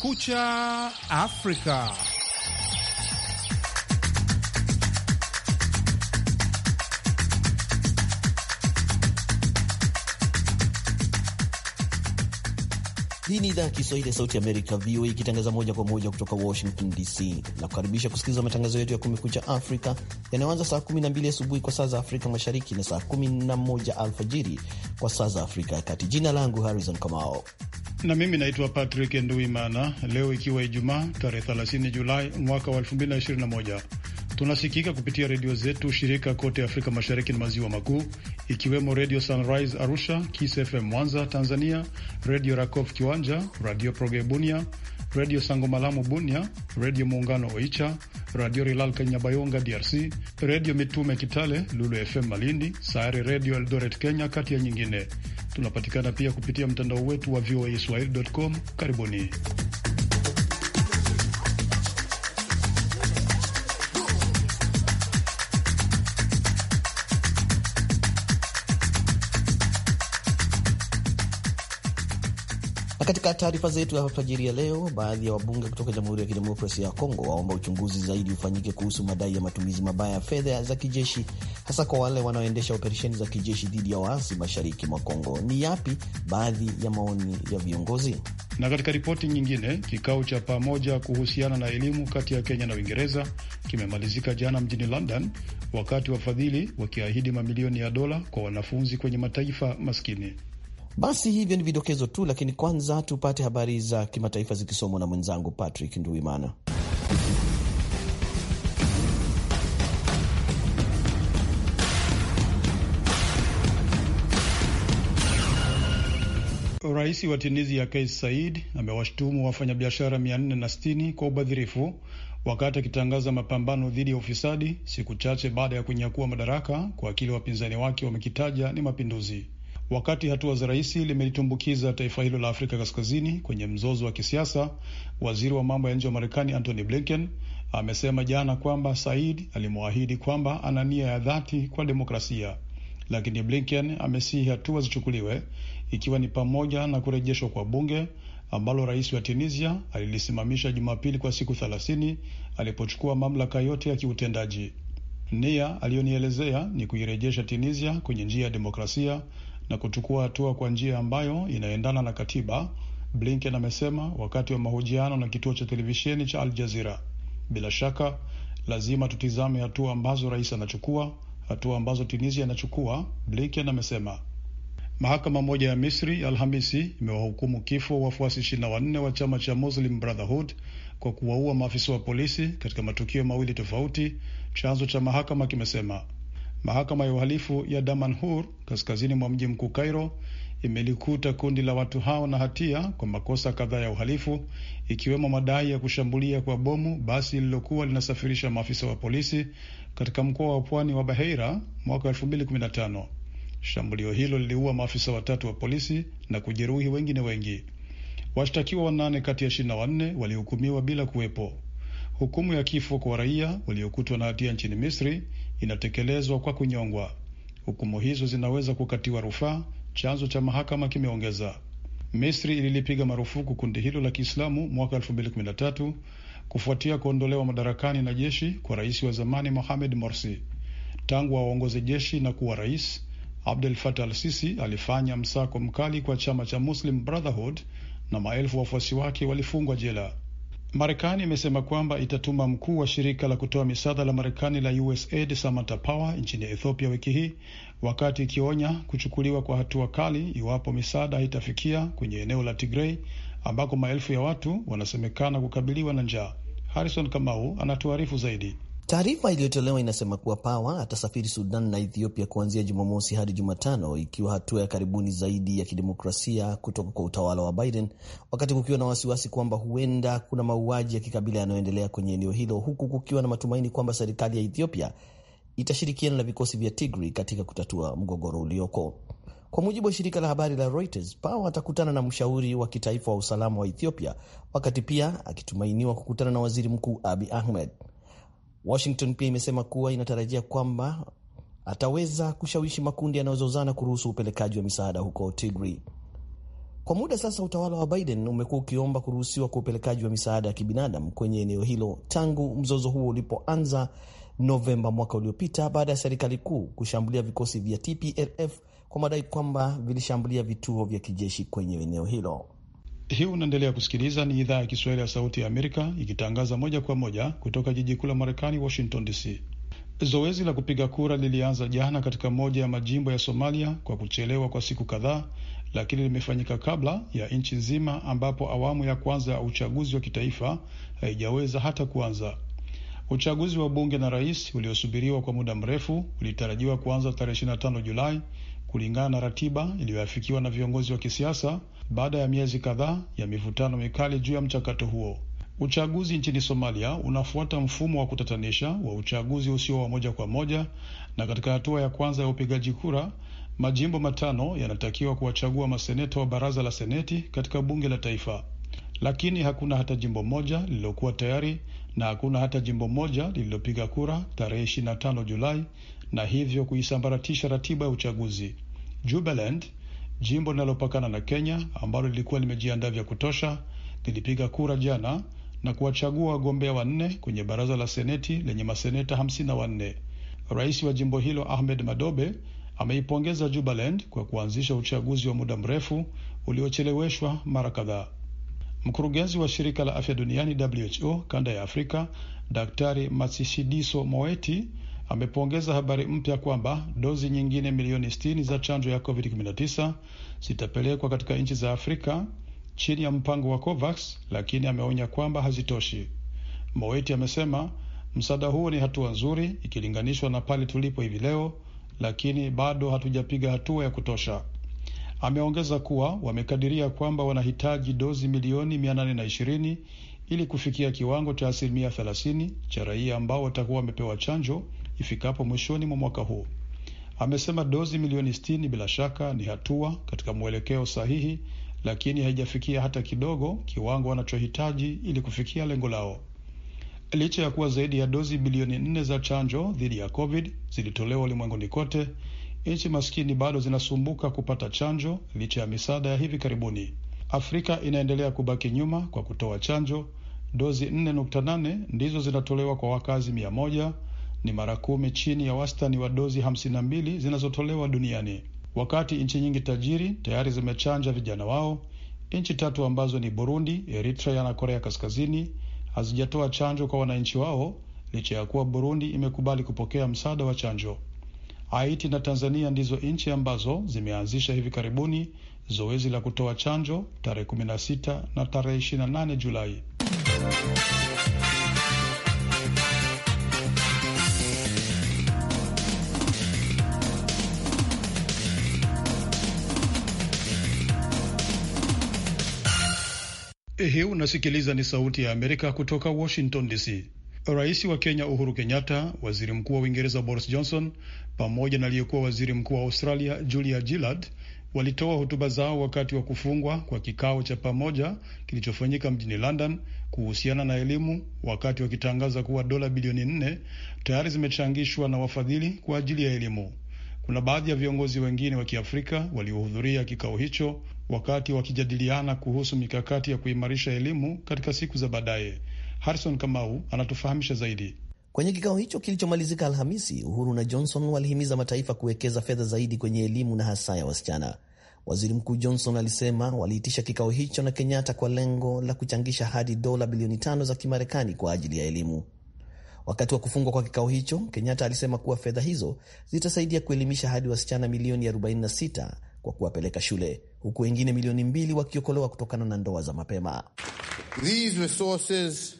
Kumekucha Afrika. Hii ni idhaa ya Kiswahili ya Sauti Amerika, VOA, ikitangaza moja kwa moja kutoka Washington DC na kukaribisha kusikiliza matangazo yetu ya Kumekucha Afrika yanayoanza saa 12 asubuhi kwa saa za Afrika Mashariki na saa 11 alfajiri kwa saa za Afrika ya Kati. Jina langu Harrison Kamao na mimi naitwa Patrick Nduimana. Leo ikiwa Ijumaa tarehe 30 Julai mwaka wa 2021 Tunasikika kupitia redio zetu shirika kote Afrika Mashariki na Maziwa Makuu, ikiwemo Redio Sunrise Arusha, Kiss FM Mwanza Tanzania, Redio Rakov Kiwanja, Radio Proge Bunia, Redio Sangomalamu Bunia, Redio Muungano Oicha, Radio Rilal Kanyabayonga DRC, Redio Mitume Kitale, Lulu FM Malindi, Sayari Redio Eldoret Kenya, kati ya nyingine. Tunapatikana pia kupitia mtandao wetu wa VOA Swahili.com. Karibuni. Na katika taarifa zetu ya alfajiri ya leo, baadhi ya wabunge kutoka Jamhuri ya Kidemokrasia ya Kongo waomba uchunguzi zaidi ufanyike kuhusu madai ya matumizi mabaya ya fedha za kijeshi, hasa kwa wale wanaoendesha operesheni za kijeshi dhidi ya waasi mashariki mwa Kongo. Ni yapi baadhi ya maoni ya viongozi? Na katika ripoti nyingine, kikao cha pamoja kuhusiana na elimu kati ya Kenya na Uingereza kimemalizika jana mjini London, wakati wafadhili wakiahidi mamilioni ya dola kwa wanafunzi kwenye mataifa maskini. Basi hivyo ni vidokezo tu, lakini kwanza tupate habari za kimataifa zikisomwa na mwenzangu Patrick Nduimana. Rais wa Tunisia Kais said amewashtumu wafanyabiashara 460 kwa ubadhirifu wakati akitangaza mapambano dhidi ya ufisadi siku chache baada ya kunyakua madaraka kwa kile wapinzani wake wamekitaja ni mapinduzi wakati hatua za rais limelitumbukiza taifa hilo la Afrika Kaskazini kwenye mzozo wa kisiasa. Waziri wa mambo ya nje wa Marekani Antony Blinken amesema jana kwamba Said alimwahidi kwamba ana nia ya dhati kwa demokrasia, lakini Blinken amesihi hatua zichukuliwe, ikiwa ni pamoja na kurejeshwa kwa bunge ambalo rais wa Tunisia alilisimamisha Jumapili kwa siku thelathini alipochukua mamlaka yote ya kiutendaji. Nia aliyonielezea ni kuirejesha Tunisia kwenye njia ya demokrasia na kuchukua hatua kwa njia ambayo inaendana na katiba, Blinken amesema wakati wa mahojiano na kituo cha televisheni cha Al Jazeera. Bila shaka lazima tutizame hatua ambazo rais anachukua, hatua ambazo Tunisia anachukua, Blinken amesema. Mahakama moja ya Misri Alhamisi imewahukumu kifo wafuasi 24 wa chama cha Muslim Brotherhood kwa kuwaua maafisa wa polisi katika matukio mawili tofauti, chanzo cha mahakama kimesema. Mahakama ya uhalifu ya Damanhur kaskazini mwa mji mkuu Cairo imelikuta kundi la watu hao na hatia kwa makosa kadhaa ya uhalifu ikiwemo madai ya kushambulia kwa bomu basi lililokuwa linasafirisha maafisa wa polisi katika mkoa wa pwani wa Baheira mwaka 2015. Shambulio hilo liliua maafisa watatu wa polisi na kujeruhi wengine wengi. Washtakiwa wanane kati ya 24 walihukumiwa bila kuwepo hukumu ya kifo kwa raia waliokutwa na hatia nchini Misri inatekelezwa kwa kunyongwa. Hukumu hizo zinaweza kukatiwa rufaa, chanzo cha mahakama kimeongeza. Misri ililipiga marufuku kundi hilo la Kiislamu mwaka 2013 kufuatia kuondolewa madarakani na jeshi kwa rais wa zamani Mohamed Morsi. Tangu aongoze jeshi na kuwa rais, Abdel Fattah al-Sisi alifanya msako mkali kwa chama cha Muslim Brotherhood na maelfu wafuasi wake walifungwa jela. Marekani imesema kwamba itatuma mkuu wa shirika la kutoa misaada la Marekani la USAID Samantha Power nchini Ethiopia wiki hii, wakati ikionya kuchukuliwa kwa hatua kali iwapo misaada haitafikia kwenye eneo la Tigrei ambako maelfu ya watu wanasemekana kukabiliwa na njaa. Harrison Kamau anatuarifu zaidi. Taarifa iliyotolewa inasema kuwa Pawa atasafiri Sudan na Ethiopia kuanzia Jumamosi hadi Jumatano, ikiwa hatua ya karibuni zaidi ya kidemokrasia kutoka kwa utawala wa Biden, wakati kukiwa na wasiwasi kwamba huenda kuna mauaji ya kikabila yanayoendelea kwenye eneo hilo, huku kukiwa na matumaini kwamba serikali ya Ethiopia itashirikiana na vikosi vya Tigri katika kutatua mgogoro ulioko. Kwa mujibu wa shirika la habari la Reuters, Pawa atakutana na mshauri wa kitaifa wa usalama wa Ethiopia, wakati pia akitumainiwa kukutana na waziri mkuu abi Ahmed. Washington pia imesema kuwa inatarajia kwamba ataweza kushawishi makundi yanayozozana kuruhusu upelekaji wa misaada huko Tigray. Kwa muda sasa, utawala wa Biden umekuwa ukiomba kuruhusiwa kwa upelekaji wa misaada ya kibinadamu kwenye eneo hilo tangu mzozo huo ulipoanza Novemba mwaka uliopita baada ya serikali kuu kushambulia vikosi vya TPLF kwa madai kwamba vilishambulia vituo vya kijeshi kwenye eneo hilo. Hii unaendelea kusikiliza ni idhaa ya Kiswahili ya Sauti ya Amerika ikitangaza moja kwa moja kutoka jiji kuu la Marekani, Washington DC. Zoezi la kupiga kura lilianza jana katika moja ya majimbo ya Somalia kwa kuchelewa kwa siku kadhaa, lakini limefanyika kabla ya nchi nzima, ambapo awamu ya kwanza ya uchaguzi wa kitaifa haijaweza hata kuanza. Uchaguzi wa bunge na rais uliosubiriwa kwa muda mrefu ulitarajiwa kuanza tarehe 25 Julai, kulingana na ratiba iliyoafikiwa na viongozi wa kisiasa baada ya miezi kadhaa ya mivutano mikali juu ya mchakato huo. Uchaguzi nchini Somalia unafuata mfumo wa kutatanisha wa uchaguzi usio wa moja kwa moja, na katika hatua ya kwanza ya upigaji kura, majimbo matano yanatakiwa kuwachagua maseneta wa baraza la seneti katika bunge la taifa, lakini hakuna hata jimbo moja lililokuwa tayari na hakuna hata jimbo moja lililopiga kura tarehe 25 Julai na hivyo kuisambaratisha ratiba ya uchaguzi. Jubaland, jimbo linalopakana na Kenya ambalo lilikuwa limejiandaa vya kutosha, lilipiga kura jana na kuwachagua wagombea wanne kwenye baraza la seneti lenye maseneta hamsini na wanne. Rais wa jimbo hilo Ahmed Madobe ameipongeza Jubaland kwa kuanzisha uchaguzi wa muda mrefu uliocheleweshwa mara kadhaa. Mkurugenzi wa shirika la afya duniani WHO kanda ya Afrika, Daktari Matshidiso Moeti amepongeza habari mpya kwamba dozi nyingine milioni 60 za chanjo ya COVID-19 zitapelekwa katika nchi za Afrika chini ya mpango wa COVAX, lakini ameonya kwamba hazitoshi. Moeti amesema msaada huo ni hatua nzuri ikilinganishwa na pale tulipo hivi leo, lakini bado hatujapiga hatua ya kutosha. Ameongeza kuwa wamekadiria kwamba wanahitaji dozi milioni 820 ili kufikia kiwango cha asilimia 30 cha raia ambao watakuwa wamepewa chanjo ifikapo mwishoni mwa mwaka huu. Amesema dozi milioni 60 bila shaka ni hatua katika mwelekeo sahihi, lakini haijafikia hata kidogo kiwango wanachohitaji ili kufikia lengo lao. Licha ya kuwa zaidi ya dozi bilioni nne za chanjo dhidi ya COVID zilitolewa ulimwenguni kote, nchi maskini bado zinasumbuka kupata chanjo licha ya misaada ya hivi karibuni. Afrika inaendelea kubaki nyuma kwa kutoa chanjo. Dozi 4.8 ndizo zinatolewa kwa wakazi mia moja ni mara kumi chini ya wastani wa dozi 52 zinazotolewa duniani. Wakati nchi nyingi tajiri tayari zimechanja vijana wao, nchi tatu ambazo ni Burundi, Eritrea na Korea Kaskazini hazijatoa chanjo kwa wananchi wao licha ya kuwa Burundi imekubali kupokea msaada wa chanjo. Haiti na Tanzania ndizo nchi ambazo zimeanzisha hivi karibuni zoezi la kutoa chanjo tarehe 16 na tarehe 28 Julai. Hii unasikiliza ni Sauti ya Amerika kutoka Washington DC. Rais wa Kenya Uhuru Kenyatta, waziri mkuu wa Uingereza Boris Johnson pamoja na aliyekuwa waziri mkuu wa Australia Julia Gillard walitoa hotuba zao wakati wa kufungwa kwa kikao cha pamoja kilichofanyika mjini London kuhusiana na elimu, wakati wakitangaza kuwa dola bilioni nne tayari zimechangishwa na wafadhili kwa ajili ya elimu. Kuna baadhi ya viongozi wengine wa Kiafrika waliohudhuria kikao hicho wakati wakijadiliana kuhusu mikakati ya kuimarisha elimu katika siku za baadaye. Harrison Kamau anatufahamisha zaidi. Kwenye kikao hicho kilichomalizika Alhamisi, Uhuru na Johnson walihimiza mataifa kuwekeza fedha zaidi kwenye elimu na hasa ya wasichana. Waziri Mkuu Johnson alisema waliitisha kikao hicho na Kenyatta kwa lengo la kuchangisha hadi dola bilioni tano za Kimarekani kwa ajili ya elimu. Wakati wa kufungwa kwa kikao hicho, Kenyatta alisema kuwa fedha hizo zitasaidia kuelimisha hadi wasichana milioni 46 kwa kuwapeleka shule, huku wengine milioni mbili wakiokolewa kutokana na ndoa za mapema. These resources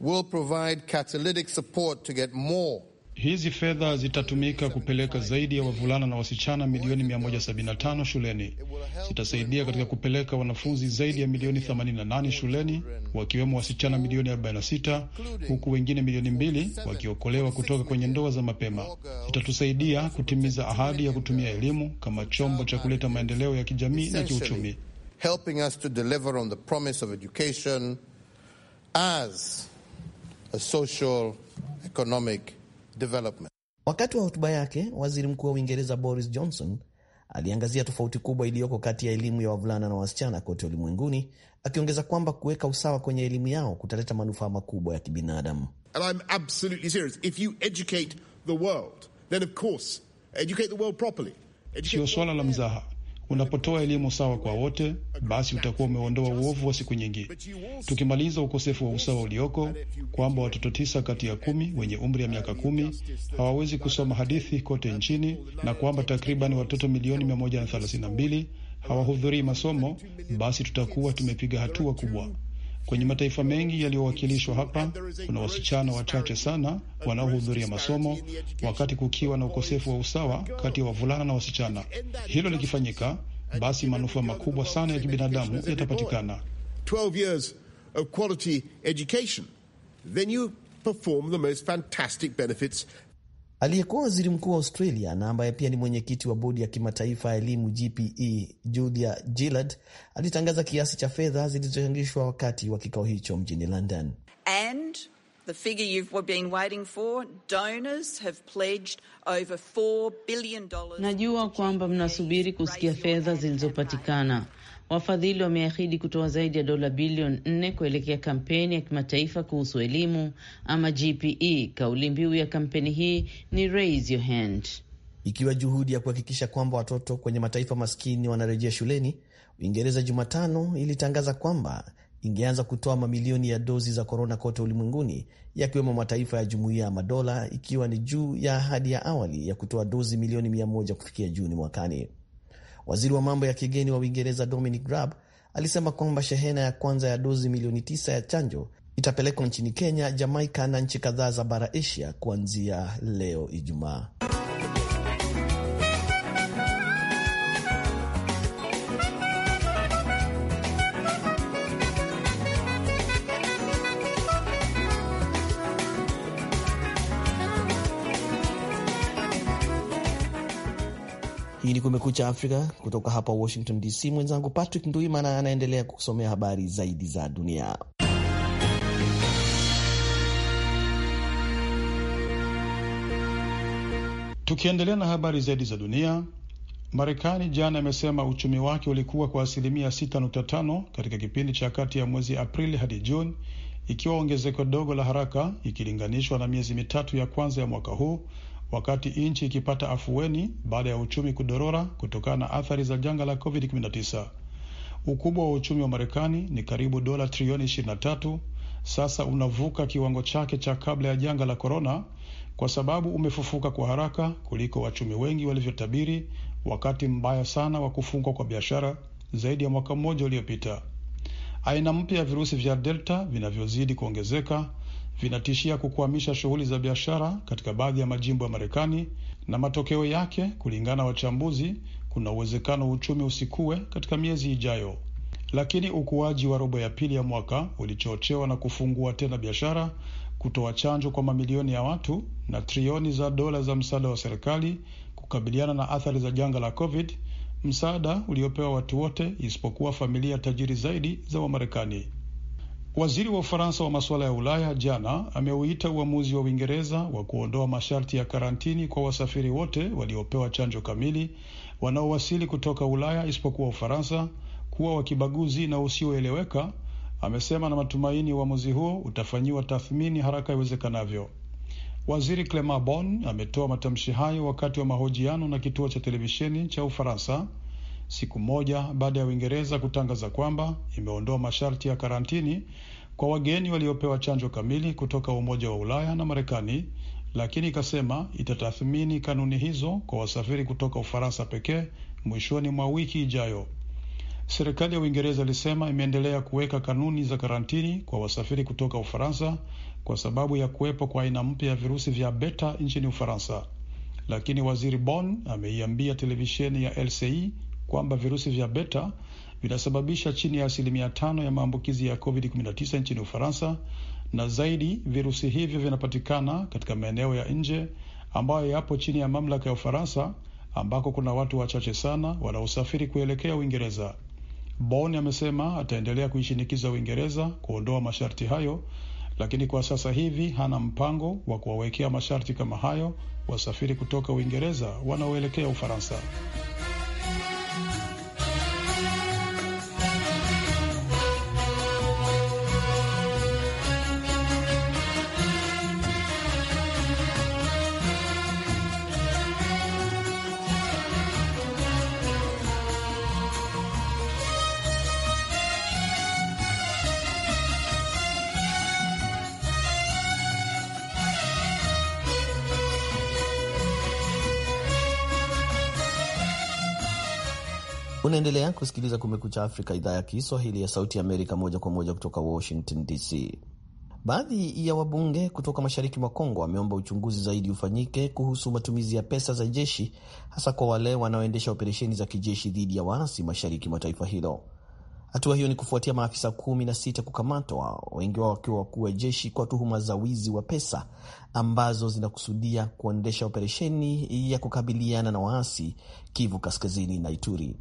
will provide catalytic support to get more Hizi fedha zitatumika kupeleka zaidi ya wavulana na wasichana milioni 175 shuleni. Zitasaidia katika kupeleka wanafunzi zaidi ya milioni 88 shuleni, wakiwemo wasichana milioni 46, huku wengine milioni mbili wakiokolewa kutoka kwenye ndoa za mapema. Zitatusaidia kutimiza ahadi ya kutumia elimu kama chombo cha kuleta maendeleo ya kijamii na kiuchumi. economic development. Wakati wa hotuba yake, waziri mkuu wa Uingereza Boris Johnson aliangazia tofauti kubwa iliyoko kati ya elimu ya wavulana na wasichana kote ulimwenguni, akiongeza kwamba kuweka usawa kwenye elimu yao kutaleta manufaa makubwa ya kibinadamu. Sio swala la mzaha Unapotoa elimu sawa kwa wote, basi utakuwa umeondoa uovu wa siku nyingi, tukimaliza ukosefu wa usawa ulioko, kwamba watoto tisa kati ya kumi wenye umri ya miaka kumi hawawezi kusoma hadithi kote nchini, na kwamba takriban watoto milioni 132 hawahudhurii masomo, basi tutakuwa tumepiga hatua kubwa. Kwenye mataifa mengi yaliyowakilishwa hapa kuna wasichana wachache sana wanaohudhuria masomo, wakati kukiwa na ukosefu wa usawa kati ya wavulana na wasichana. Hilo likifanyika, basi manufaa makubwa sana ya kibinadamu yatapatikana. Aliyekuwa waziri mkuu wa Australia na ambaye pia ni mwenyekiti wa bodi ya kimataifa ya elimu GPE, Julia Gillard alitangaza kiasi cha fedha zilizochangishwa wakati wa kikao hicho mjini London. And the figure you've been waiting for, donors have pledged over $4 billion. Najua kwamba mnasubiri kusikia fedha zilizopatikana Wafadhili wameahidi kutoa zaidi ya dola bilioni nne kuelekea kampeni ya kimataifa kuhusu elimu ama GPE. Kauli mbiu ya kampeni hii ni Raise Your Hand, ikiwa juhudi ya kuhakikisha kwamba watoto kwenye mataifa maskini wanarejea shuleni. Uingereza Jumatano ilitangaza kwamba ingeanza kutoa mamilioni ya dozi za korona kote ulimwenguni, yakiwemo mataifa ya jumuiya ya Madola, ikiwa ni juu ya ahadi ya awali ya kutoa dozi milioni mia moja kufikia Juni mwakani. Waziri wa mambo ya kigeni wa Uingereza Dominic Raab alisema kwamba shehena ya kwanza ya dozi milioni tisa ya chanjo itapelekwa nchini Kenya, Jamaika na nchi kadhaa za bara Asia kuanzia leo Ijumaa. Hii ni Kumekucha Afrika kutoka hapa Washington DC. Mwenzangu Patrick Nduimana anaendelea kusomea habari zaidi za dunia. Tukiendelea na habari zaidi za dunia, Marekani jana imesema uchumi wake ulikuwa kwa asilimia 6.5 katika kipindi cha kati ya mwezi Aprili hadi Juni, ikiwa ongezeko dogo la haraka ikilinganishwa na miezi mitatu ya kwanza ya mwaka huu wakati nchi ikipata afueni baada ya uchumi kudorora kutokana na athari za janga la COVID-19. Ukubwa wa uchumi wa Marekani ni karibu dola trilioni 23, sasa unavuka kiwango chake cha kabla ya janga la korona kwa sababu umefufuka kwa haraka kuliko wachumi wengi walivyotabiri wakati mbaya sana wa kufungwa kwa biashara zaidi ya mwaka mmoja uliopita. Aina mpya ya virusi vya delta vinavyozidi kuongezeka vinatishia kukwamisha shughuli za biashara katika baadhi ya majimbo ya Marekani, na matokeo yake, kulingana na wachambuzi, kuna uwezekano uchumi usikue katika miezi ijayo. Lakini ukuaji wa robo ya pili ya mwaka ulichochewa na kufungua tena biashara, kutoa chanjo kwa mamilioni ya watu na trilioni za dola za msaada wa serikali kukabiliana na athari za janga la COVID, msaada uliopewa watu wote isipokuwa familia tajiri zaidi za Wamarekani. Waziri wa Ufaransa wa masuala ya Ulaya jana ameuita uamuzi wa Uingereza wa kuondoa masharti ya karantini kwa wasafiri wote waliopewa chanjo kamili wanaowasili kutoka Ulaya isipokuwa Ufaransa kuwa wa kibaguzi na usioeleweka. Amesema na matumaini uamuzi huo utafanyiwa tathmini haraka iwezekanavyo. Waziri Clement Bon ametoa matamshi hayo wakati wa mahojiano na kituo cha televisheni cha Ufaransa siku moja baada ya Uingereza kutangaza kwamba imeondoa masharti ya karantini kwa wageni waliopewa chanjo kamili kutoka Umoja wa Ulaya na Marekani, lakini ikasema itatathmini kanuni hizo kwa wasafiri kutoka Ufaransa pekee mwishoni mwa wiki ijayo. Serikali ya Uingereza ilisema imeendelea kuweka kanuni za karantini kwa wasafiri kutoka Ufaransa kwa sababu ya kuwepo kwa aina mpya ya virusi vya beta nchini Ufaransa, lakini waziri Bon ameiambia televisheni ya LCI kwamba virusi vya beta vinasababisha chini ya asilimia tano ya maambukizi ya COVID-19 nchini Ufaransa, na zaidi virusi hivyo vinapatikana katika maeneo ya nje ambayo yapo chini ya mamlaka ya Ufaransa, ambako kuna watu wachache sana wanaosafiri kuelekea Uingereza. Bon amesema ataendelea kuishinikiza Uingereza kuondoa masharti hayo, lakini kwa sasa hivi hana mpango wa kuwawekea masharti kama hayo wasafiri kutoka Uingereza wanaoelekea Ufaransa. Bye. Unaendelea kusikiliza Kumekucha Afrika, idhaa ya Kiswahili ya Sauti ya Amerika, moja kwa moja kutoka Washington DC. Baadhi ya wabunge kutoka mashariki mwa Kongo wameomba uchunguzi zaidi ufanyike kuhusu matumizi ya pesa za jeshi, hasa kwa wale wanaoendesha operesheni za kijeshi dhidi ya waasi mashariki mwa taifa hilo. Hatua hiyo ni kufuatia maafisa kumi na sita kukamatwa, wengi wao wakiwa wakuu wa jeshi kwa tuhuma za wizi wa pesa ambazo zinakusudia kuendesha operesheni ya kukabiliana na waasi Kivu Kaskazini na Ituri.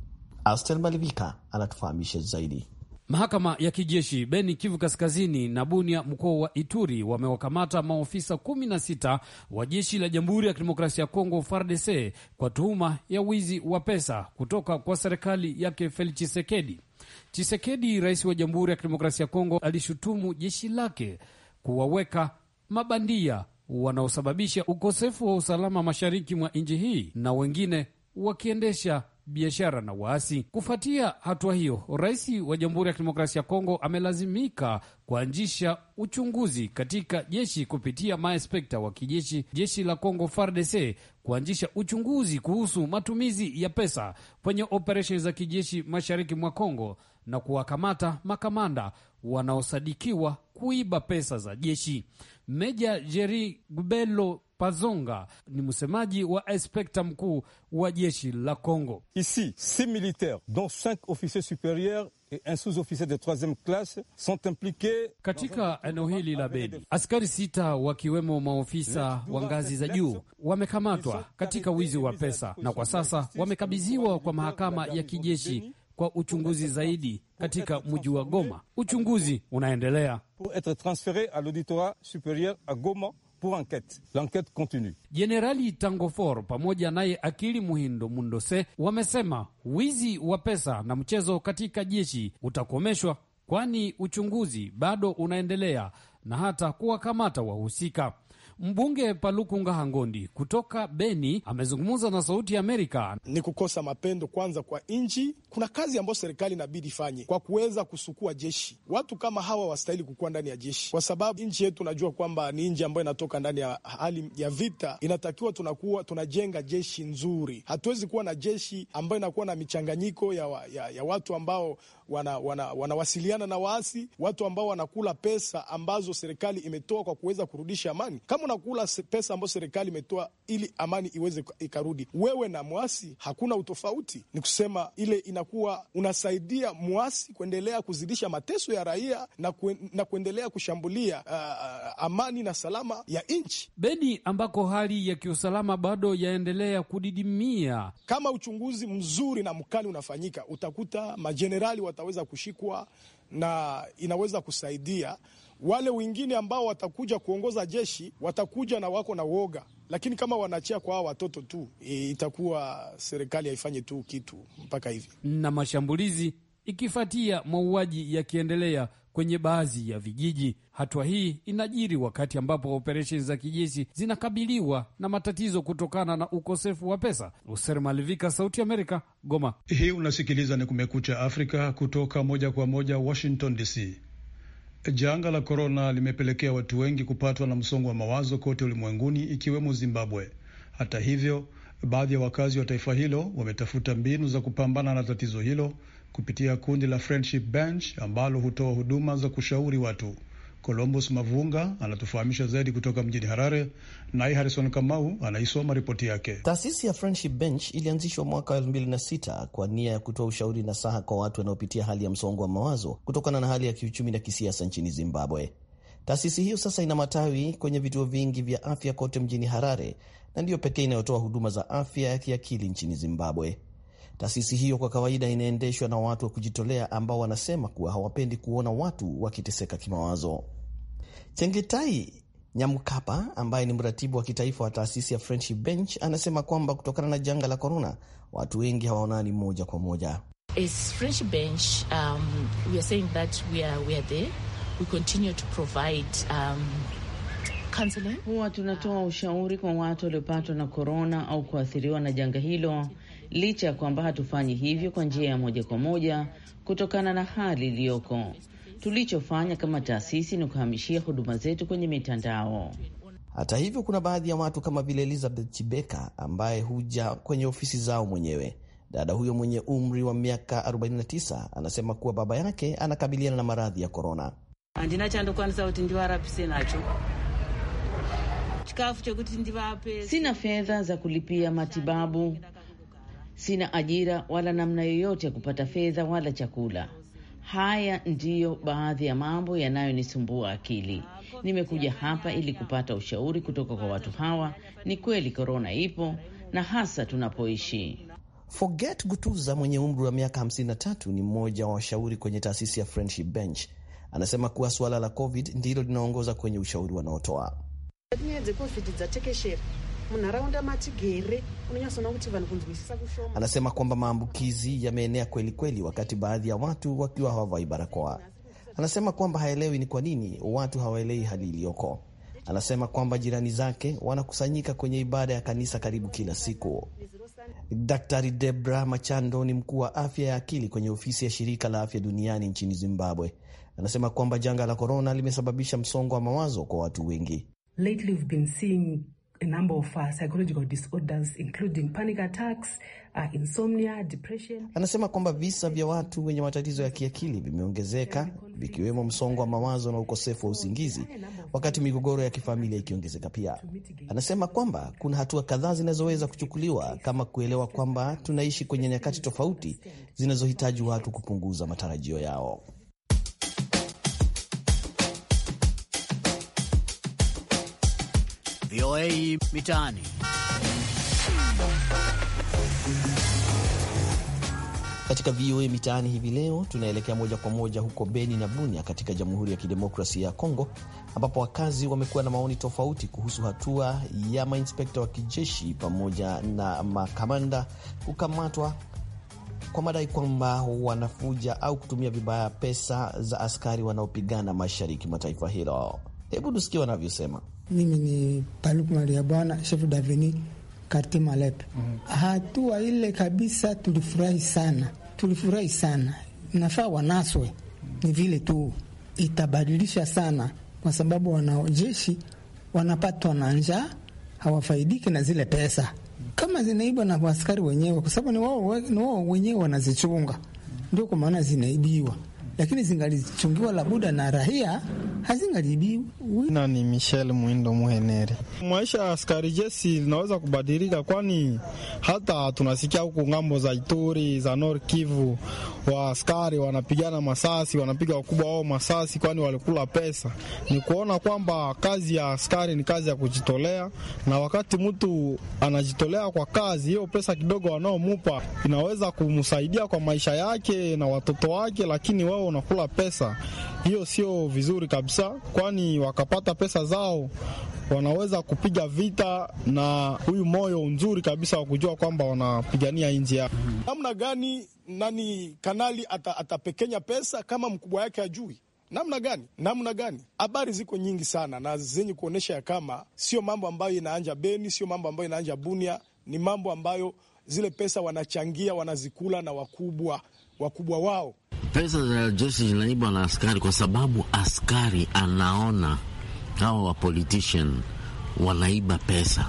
Aster Malivika anatufahamisha zaidi. Mahakama ya kijeshi Beni, Kivu Kaskazini na Bunia, mkoa wa Ituri, wamewakamata maofisa kumi na sita wa jeshi la Jamhuri ya Kidemokrasia ya Kongo, FARDC, kwa tuhuma ya wizi wa pesa kutoka kwa serikali yake Felix chisekedi chisekedi rais wa Jamhuri ya Kidemokrasia ya Kongo, alishutumu jeshi lake kuwaweka mabandia wanaosababisha ukosefu wa usalama mashariki mwa nchi hii na wengine wakiendesha biashara na waasi. Kufuatia hatua hiyo, rais wa Jamhuri ya Kidemokrasia ya Kongo amelazimika kuanzisha uchunguzi katika jeshi kupitia maespekta wa kijeshi, jeshi la Kongo FARDC kuanzisha uchunguzi kuhusu matumizi ya pesa kwenye operesheni za kijeshi mashariki mwa Kongo na kuwakamata makamanda wanaosadikiwa kuiba pesa za jeshi. Meja Jeri Gubelo Pazonga ni msemaji wa inspekta mkuu wa jeshi la Kongo. Ici six militaires dont cinq officiers supérieurs et un sous-officier de troisieme classe sont impliqués. Katika eneo hili la Beni, askari sita wakiwemo maofisa wa ngazi za juu wamekamatwa katika wizi wa pesa na kwa sasa wamekabidhiwa kwa mahakama ya kijeshi kwa uchunguzi zaidi katika mji wa Goma. Uchunguzi unaendelea pour être transféré à l'auditorat supérieur à Goma pour enquête. L'enquête continue. Jenerali Tangofor pamoja naye Akili Muhindo Mundose wamesema wizi wa pesa na mchezo katika jeshi utakomeshwa, kwani uchunguzi bado unaendelea na hata kuwakamata wahusika. Mbunge Paluku Ngahangondi kutoka Beni amezungumza na Sauti ya Amerika. Ni kukosa mapendo kwanza kwa nchi. Kuna kazi ambayo serikali inabidi ifanye kwa kuweza kusukua jeshi. Watu kama hawa wastahili kukuwa ndani ya jeshi, kwa sababu nchi yetu najua kwamba ni nchi ambayo inatoka ndani ya hali ya vita. Inatakiwa tunakuwa tunajenga jeshi nzuri. Hatuwezi kuwa na jeshi ambayo inakuwa na michanganyiko ya, ya, ya watu ambao wanawasiliana wana, wana na waasi, watu ambao wanakula pesa ambazo serikali imetoa kwa kuweza kurudisha amani. Kama unakula pesa ambazo serikali imetoa ili amani iweze ikarudi, wewe na mwasi hakuna utofauti. Ni kusema ile inakuwa unasaidia mwasi kuendelea kuzidisha mateso ya raia na, kuen, na kuendelea kushambulia uh, uh amani na salama ya nchi. Beni ambako hali ya kiusalama bado yaendelea kudidimia, kama uchunguzi mzuri na mkali unafanyika, utakuta majenerali wat wataweza kushikwa na inaweza kusaidia wale wengine ambao watakuja kuongoza jeshi, watakuja na wako na woga, lakini kama wanachia kwa hawa watoto tu e, itakuwa serikali haifanye tu kitu mpaka hivi na mashambulizi ikifatia mauaji yakiendelea kwenye baadhi ya vijiji. Hatua hii inajiri wakati ambapo operesheni za kijeshi zinakabiliwa na matatizo kutokana na ukosefu wa pesa. User Malivika, Sauti Amerika, Goma. Hii unasikiliza ni Kumekucha Afrika kutoka moja kwa moja Washington DC. Janga la korona limepelekea watu wengi kupatwa na msongo wa mawazo kote ulimwenguni ikiwemo Zimbabwe. Hata hivyo, baadhi ya wakazi wa taifa hilo wametafuta mbinu za kupambana na tatizo hilo kupitia kundi la Friendship Bench ambalo hutoa huduma za kushauri watu. Columbus Mavunga anatufahamisha zaidi kutoka mjini Harare, naye Harrison Kamau anaisoma ripoti yake. Taasisi ya Friendship Bench ilianzishwa mwaka 2006 kwa nia ya kutoa ushauri na saha kwa watu wanaopitia hali ya msongo wa mawazo kutokana na hali ya kiuchumi na kisiasa nchini Zimbabwe. Taasisi hiyo sasa ina matawi kwenye vituo vingi vya afya kote mjini Harare na ndiyo pekee inayotoa huduma za afya ya kiakili nchini Zimbabwe. Taasisi hiyo kwa kawaida inaendeshwa na watu wa kujitolea ambao wanasema kuwa hawapendi kuona watu wakiteseka kimawazo. chengetai Nyamkapa ambaye ni mratibu wa kitaifa wa taasisi ya Friendship Bench anasema kwamba kutokana na janga la korona, watu wengi hawaonani moja kwa moja. Um, um, Huwa tunatoa ushauri kwa watu waliopatwa na korona au kuathiriwa na janga hilo licha ya kwamba hatufanyi hivyo kwa njia ya moja kwa moja kutokana na hali iliyoko. Tulichofanya kama taasisi ni kuhamishia huduma zetu kwenye mitandao. Hata hivyo, kuna baadhi ya watu kama vile Elizabeth Chibeka ambaye huja kwenye ofisi zao mwenyewe. Dada huyo mwenye umri wa miaka 49 anasema kuwa baba yake anakabiliana na maradhi ya korona. Sina fedha za kulipia matibabu Sina ajira wala namna yoyote ya kupata fedha wala chakula. Haya ndiyo baadhi ya mambo yanayonisumbua akili. Nimekuja hapa ili kupata ushauri kutoka kwa watu hawa. Ni kweli korona ipo na hasa tunapoishi. Forget Gutuza mwenye umri wa miaka 53 ni mmoja wa washauri kwenye taasisi ya Friendship Bench. Anasema kuwa suala la COVID ndilo linaongoza kwenye ushauri wanaotoa munharaunda matigere unonyatsoona kuti vanhu kunzwisisa kushoma. Anasema kwamba maambukizi yameenea kweli kweli, wakati baadhi ya watu wakiwa hawavai barakoa. Anasema kwamba haelewi ni kwa nini watu hawaelewi hali iliyoko. Anasema kwamba jirani zake wanakusanyika kwenye ibada ya kanisa karibu kila siku. Daktari Debra Machando ni mkuu wa afya ya akili kwenye ofisi ya shirika la afya duniani nchini Zimbabwe. Anasema kwamba janga la korona limesababisha msongo wa mawazo kwa watu wengi. Lately we've been seeing a number of uh, psychological disorders including panic attacks, uh, insomnia, depression. Anasema kwamba visa vya watu wenye matatizo ya kiakili vimeongezeka vikiwemo msongo wa mawazo na ukosefu wa usingizi, wakati migogoro ya kifamilia ikiongezeka pia. Anasema kwamba kuna hatua kadhaa zinazoweza kuchukuliwa kama kuelewa kwamba tunaishi kwenye nyakati tofauti zinazohitaji watu kupunguza matarajio yao. VOA Mitaani. Katika VOA Mitaani hivi leo tunaelekea moja kwa moja huko Beni na Bunia katika Jamhuri ya Kidemokrasia ya Kongo, ambapo wakazi wamekuwa na maoni tofauti kuhusu hatua ya mainspekta wa kijeshi pamoja na makamanda kukamatwa kwa madai kwamba wanafuja au kutumia vibaya pesa za askari wanaopigana mashariki mwa taifa hilo. Hebu tusikie wanavyosema. Mimi ni Paluku Maria Bwana, chef d'avenir quartier Malepe. mm -hmm. Hatua ile kabisa tulifurahi sana, tulifurahi sana. Nafaa wanaswe, ni vile tu itabadilisha sana, kwa sababu wanajeshi wanapatwa na njaa, hawafaidiki na zile pesa kama zinaibwa na askari wenyewe, kwa sababu ni wao wenyewe wanazichunga, ndio kwa maana zinaibiwa lakini zingalichungiwa labuda na rahia hazingalibiwi. Na ni Michel Mwindo Muheneri. Maisha ya askari jeshi linaweza kubadilika, kwani hata tunasikia huku ngambo za Ituri za nor Kivu wa askari wanapigana masasi, wanapiga wakubwa wao masasi, kwani walikula pesa. Ni kuona kwamba kazi ya askari ni kazi ya kujitolea, na wakati mtu anajitolea kwa kazi hiyo, pesa kidogo wanaomupa inaweza kumsaidia kwa maisha yake na watoto wake, lakini wao unakula pesa, hiyo sio vizuri kabisa, kwani wakapata pesa zao wanaweza kupiga vita na huyu moyo nzuri kabisa wa kujua kwamba wanapigania nji yao. Namna gani nani kanali ata, atapekenya pesa kama mkubwa yake ajui namna gani? Namna gani? Habari ziko nyingi sana na zenye kuonyesha ya kama sio mambo ambayo inaanja Beni, sio mambo ambayo inaanja Bunia, ni mambo ambayo zile pesa wanachangia wanazikula na wakubwa wakubwa wao Pesa za jeshi zinaibwa na askari, kwa sababu askari anaona hawa wa politician wanaiba pesa.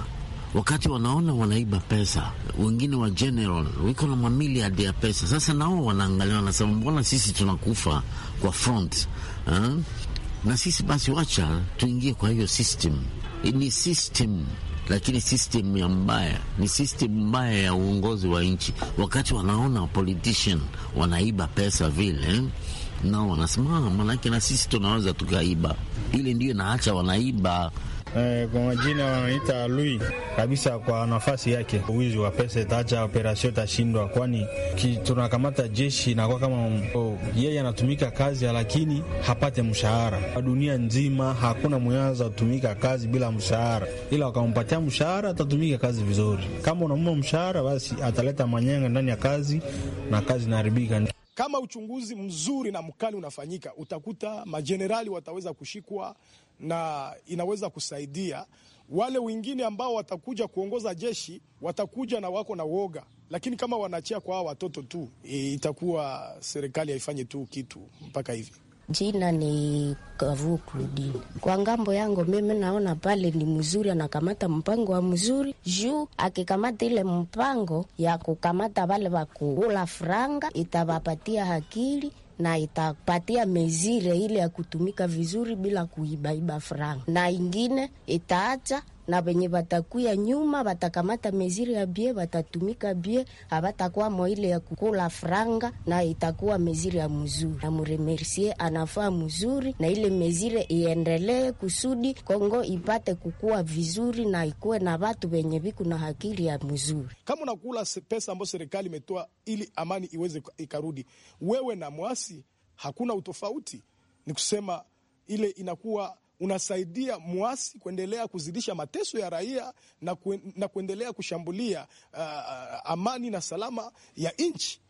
Wakati wanaona wanaiba pesa, wengine wa general wiko na mamiliadi ya pesa. Sasa nao wanaangalia, wanasema mbona sisi tunakufa kwa front ha? Eh? na sisi basi, wacha tuingie kwa hiyo system. Ni system lakini system ya mbaya ni system mbaya ya uongozi wa nchi. Wakati wanaona politician wanaiba pesa vile nao wanasema ah, manake na sisi tunaweza tukaiba. Ile ndio naacha wanaiba Eh, kwa majina wanaita Lui kabisa kwa nafasi yake. Wizi wa pesa itaacha operasio itashindwa, kwani tunakamata jeshi inakuwa kama oh, yeye anatumika kazi lakini hapate mshahara. Dunia nzima hakuna mwanza kutumika kazi bila mshahara, ila wakampatia mshahara atatumika kazi vizuri. Kama unamuma mshahara, basi ataleta manyanga ndani ya kazi na kazi inaharibika. Kama uchunguzi mzuri na mkali unafanyika, utakuta majenerali wataweza kushikwa na inaweza kusaidia wale wengine ambao watakuja kuongoza jeshi, watakuja na wako na woga, lakini kama wanachia kwa hawa watoto tu, itakuwa serikali haifanye tu kitu mpaka hivi. Jina ni Kavu Kludini. Kwa ngambo yangu mimi naona pale ni mzuri, anakamata mpango wa mzuri juu akikamata ile mpango ya kukamata wale wa franga itawapatia akili na itapatia mezire ile ya kutumika vizuri bila kuibaiba franga, na ingine itaacha na venye batakuya nyuma batakamata meziri ya bie batatumika bie, abatakuwa moile ya kukula franga, na itakuwa meziri ya mzuri. Namuremersie anafaa mzuri, na ile mezire iendelee kusudi Kongo ipate kukua vizuri na ikuwe na batu benye viku na hakiri ya mzuri. Kama unakula pesa ambayo serikali imetoa ili amani iweze ikarudi, wewe na mwasi hakuna utofauti, ni kusema ile inakuwa unasaidia mwasi kuendelea kuzidisha mateso ya raia na, na kuendelea kushambulia uh, uh, amani na salama ya nchi.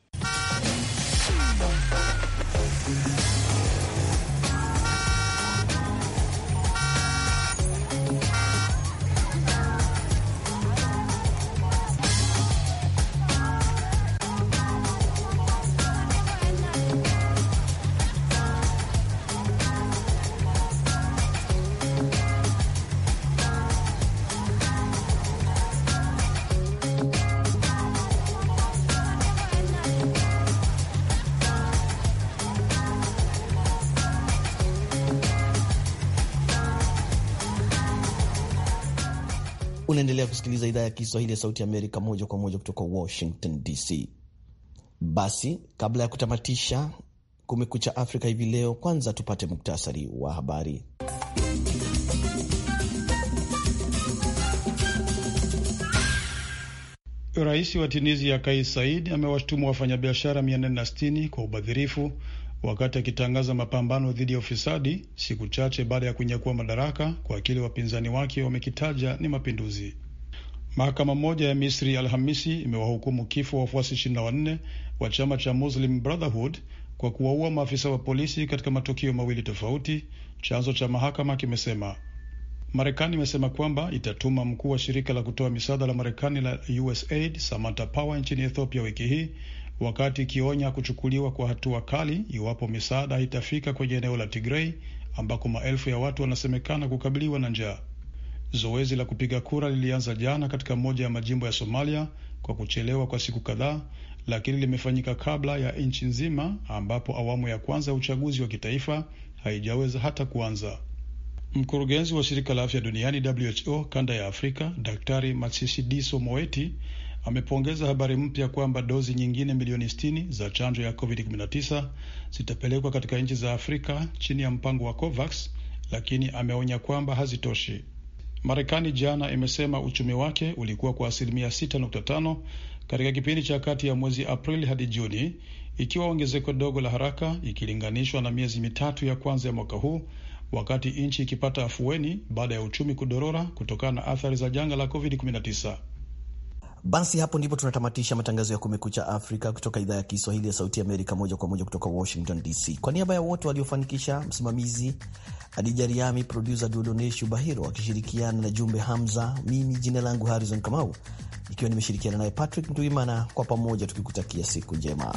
Unaendelea kusikiliza idhaa ya Kiswahili ya Sauti ya Amerika moja kwa moja kutoka Washington DC. Basi kabla ya kutamatisha Kumekucha Afrika hivi leo, kwanza tupate muktasari wa habari. Rais wa Tunisia Kais Said amewashtumu wafanyabiashara 460 kwa ubadhirifu wakati akitangaza mapambano dhidi ya ufisadi siku chache baada ya kunyakua madaraka kwa kile wapinzani wake wamekitaja ni mapinduzi. Mahakama moja ya Misri Alhamisi imewahukumu kifo wafuasi 24 na wanne wa chama cha Muslim Brotherhood kwa kuwaua maafisa wa polisi katika matukio mawili tofauti, chanzo cha mahakama kimesema. Marekani imesema kwamba itatuma mkuu wa shirika la kutoa misaada la Marekani la USAID Samantha Power nchini Ethiopia wiki hii wakati ikionya kuchukuliwa kwa hatua kali iwapo misaada haitafika kwenye eneo la Tigrei ambako maelfu ya watu wanasemekana kukabiliwa na njaa. Zoezi la kupiga kura lilianza jana katika moja ya majimbo ya Somalia kwa kuchelewa kwa siku kadhaa, lakini limefanyika kabla ya nchi nzima, ambapo awamu ya kwanza ya uchaguzi wa kitaifa haijaweza hata kuanza. Mkurugenzi wa shirika la afya duniani WHO kanda ya Afrika, Daktari Matshidiso Moeti amepongeza habari mpya kwamba dozi nyingine milioni 60 za chanjo ya COVID-19 zitapelekwa katika nchi za Afrika chini ya mpango wa COVAX, lakini ameonya kwamba hazitoshi. Marekani jana imesema uchumi wake ulikuwa kwa asilimia 6.5 katika kipindi cha kati ya mwezi Aprili hadi Juni, ikiwa ongezeko dogo la haraka ikilinganishwa na miezi mitatu ya kwanza ya mwaka huu, wakati nchi ikipata afueni baada ya uchumi kudorora kutokana na athari za janga la COVID-19. Basi hapo ndipo tunatamatisha matangazo ya Kumekucha Afrika kutoka idhaa ya Kiswahili ya Sauti Amerika, moja kwa moja kutoka Washington DC. Kwa niaba ya wote waliofanikisha, msimamizi Adija Riami, produsa Duodoneshu Bahiro akishirikiana na Jumbe Hamza, mimi jina langu Harrison Kamau ikiwa nimeshirikiana naye Patrick Ndwimana, kwa pamoja tukikutakia siku njema.